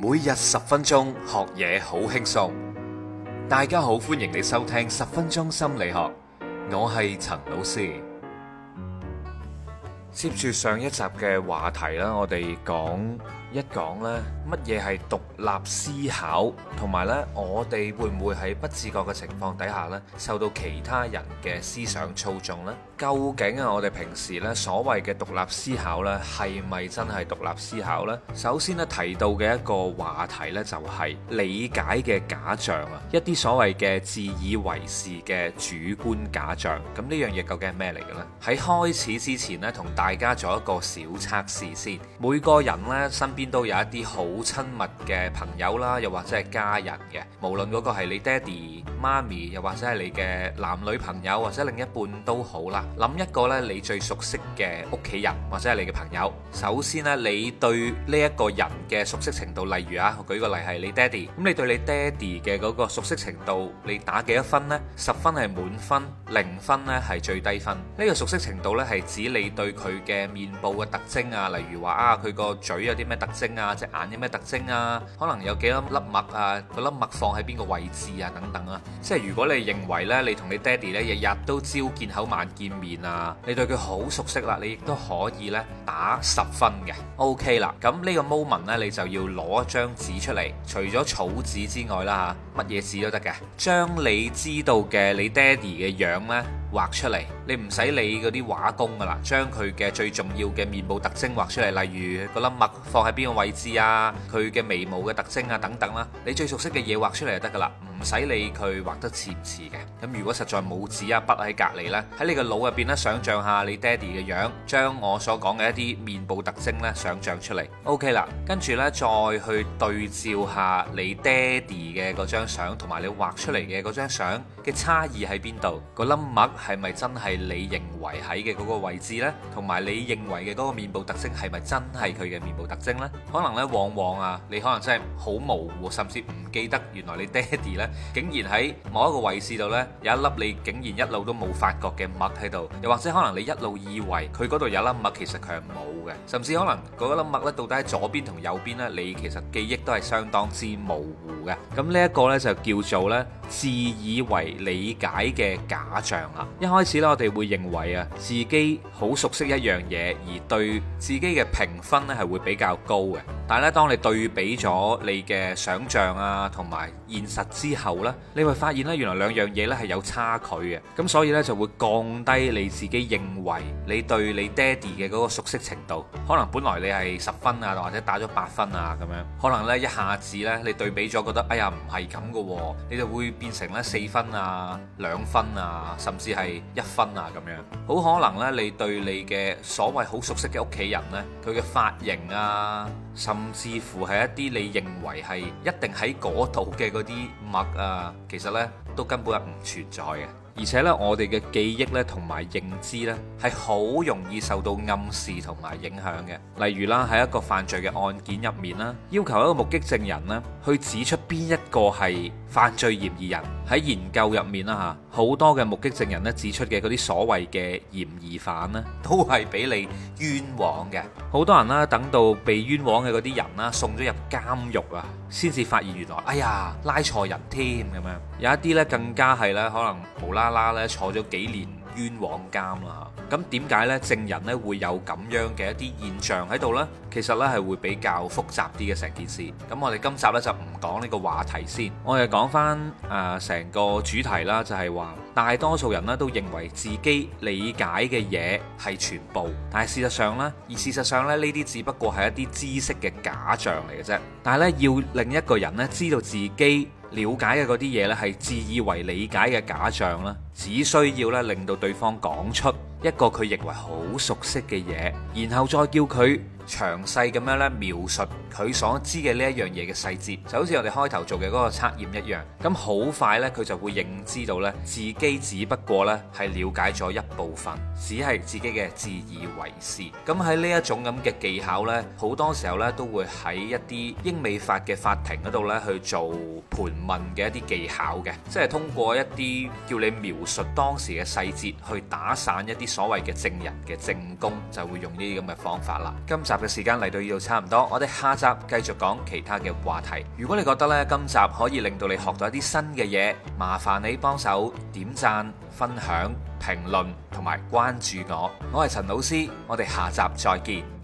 每日十分鐘學嘢好輕鬆，大家好，歡迎你收聽十分鐘心理學，我係陳老師。接住上一集嘅話題啦，我哋講，一講呢，乜嘢係獨立思考，同埋呢，我哋會唔會喺不自覺嘅情況底下呢，受到其他人嘅思想操縱呢？究竟啊，我哋平時呢，所謂嘅獨立思考呢，係咪真係獨立思考呢？首先呢，提到嘅一個話題呢，就係理解嘅假象啊，一啲所謂嘅自以為是嘅主觀假象。咁呢樣嘢究竟係咩嚟嘅呢？喺開始之前呢，同大家做一個小測試先，每個人呢，身邊都有一啲好親密嘅朋友啦，又或者係家人嘅。無論嗰個係你爹哋媽咪，又或者係你嘅男女朋友或者另一半都好啦。諗一個呢，你最熟悉嘅屋企人或者係你嘅朋友。首先呢，你對呢一個人嘅熟悉程度，例如啊，我舉個例係你爹哋。咁你對你爹哋嘅嗰個熟悉程度，你打幾多分呢？十分係滿分，零分呢係最低分。呢個熟悉程度呢，係指你對佢嘅面部嘅特徵啊，例如話啊，佢個嘴有啲咩特？隻眼有咩特徵啊？可能有幾粒粒物啊，嗰粒物放喺邊個位置啊？等等啊，即係如果你認為呢，你同你爹哋呢日日都朝見口晚見面啊，你對佢好熟悉啦，你亦、okay, 都可以呢打十分嘅。O K 啦，咁呢個 moment 呢，你就要攞一張紙出嚟，除咗草紙之外啦嚇，乜嘢紙都得嘅。將你知道嘅你爹哋嘅樣呢。畫出嚟，你唔使理嗰啲畫工㗎喇，將佢嘅最重要嘅面部特徵畫出嚟，例如個粒癦放喺邊個位置啊，佢嘅眉毛嘅特徵啊等等啦，你最熟悉嘅嘢畫出嚟就得㗎喇。唔使理佢畫得似唔似嘅，咁如果實在冇紙啊筆喺隔離咧，喺你個腦入邊咧想象下你爹哋嘅樣，將我所講嘅一啲面部特徵咧想象出嚟。OK 啦，跟住咧再去對照下你爹哋嘅張相，同埋你畫出嚟嘅張相嘅差異喺邊度？嗰粒癦係咪真係你認為喺嘅嗰個位置咧？同埋你認為嘅嗰個面部特徵係咪真係佢嘅面部特徵咧？可能咧往往啊，你可能真係好模糊，甚至唔記得原來你爹哋咧。竟然喺某一個位置度呢，有一粒你竟然一路都冇發覺嘅癦喺度，又或者可能你一路以為佢嗰度有一粒癦，其實佢係冇嘅，甚至可能嗰粒癦咧到底喺左邊同右邊呢？你其實記憶都係相當之模糊嘅。咁呢一個呢，就叫做呢，自以為理解嘅假象啦，一開始咧，我哋會認為啊，自己好熟悉一樣嘢，而對自己嘅評分呢係會比較高嘅。但係咧，當你對比咗你嘅想像啊同埋現實之後呢，你會發現呢，原來兩樣嘢呢係有差距嘅。咁所以呢，就會降低你自己認為你對你爹哋嘅嗰個熟悉程度。可能本來你係十分啊，或者打咗八分啊咁樣，可能呢，一下子呢，你對比咗覺得，哎呀唔係咁嘅喎，你就會，變成咧四分啊、兩分啊，甚至係一分啊咁樣，好可能呢，你對你嘅所謂好熟悉嘅屋企人呢，佢嘅髮型啊，甚至乎係一啲你認為係一定喺嗰度嘅嗰啲物啊，其實呢都根本係唔存在嘅。而且咧，我哋嘅記憶咧，同埋認知咧，係好容易受到暗示同埋影響嘅。例如啦，喺一個犯罪嘅案件入面啦，要求一個目擊證人呢，去指出邊一個係犯罪嫌疑人。喺研究入面啦吓，好多嘅目擊證人咧，指出嘅嗰啲所謂嘅嫌疑犯呢，都係俾你冤枉嘅。好多人啦，等到被冤枉嘅嗰啲人啦，送咗入監獄啊，先至發現原來，哎呀，拉錯人添咁樣。有一啲咧更加係咧，可能無啦啦咧坐咗幾年。冤枉監啊，嚇，咁點解呢？證人呢會有咁樣嘅一啲現象喺度呢？其實呢係會比較複雜啲嘅成件事。咁我哋今集呢，就唔講呢個話題先，我哋講翻誒成個主題啦，就係話大多數人呢都認為自己理解嘅嘢係全部，但係事實上呢，而事實上咧，呢啲只不過係一啲知識嘅假象嚟嘅啫。但係呢，要令一個人呢知道自己。了解嘅嗰啲嘢呢，係自以為理解嘅假象啦，只需要呢令到對方講出一個佢認為好熟悉嘅嘢，然後再叫佢。詳細咁樣咧描述佢所知嘅呢一樣嘢嘅細節，就好似我哋開頭做嘅嗰個測驗一樣。咁好快呢，佢就會認知到呢自己只不過呢係了解咗一部分，只係自己嘅自以為是。咁喺呢一種咁嘅技巧呢，好多時候呢都會喺一啲英美法嘅法庭嗰度呢去做盤問嘅一啲技巧嘅，即係通過一啲叫你描述當時嘅細節，去打散一啲所謂嘅證人嘅證供，就會用呢啲咁嘅方法啦。今集嘅時間嚟到呢度差唔多，我哋下集繼續講其他嘅話題。如果你覺得呢今集可以令到你學到一啲新嘅嘢，麻煩你幫手點讚、分享、評論同埋關注我。我係陳老師，我哋下集再見。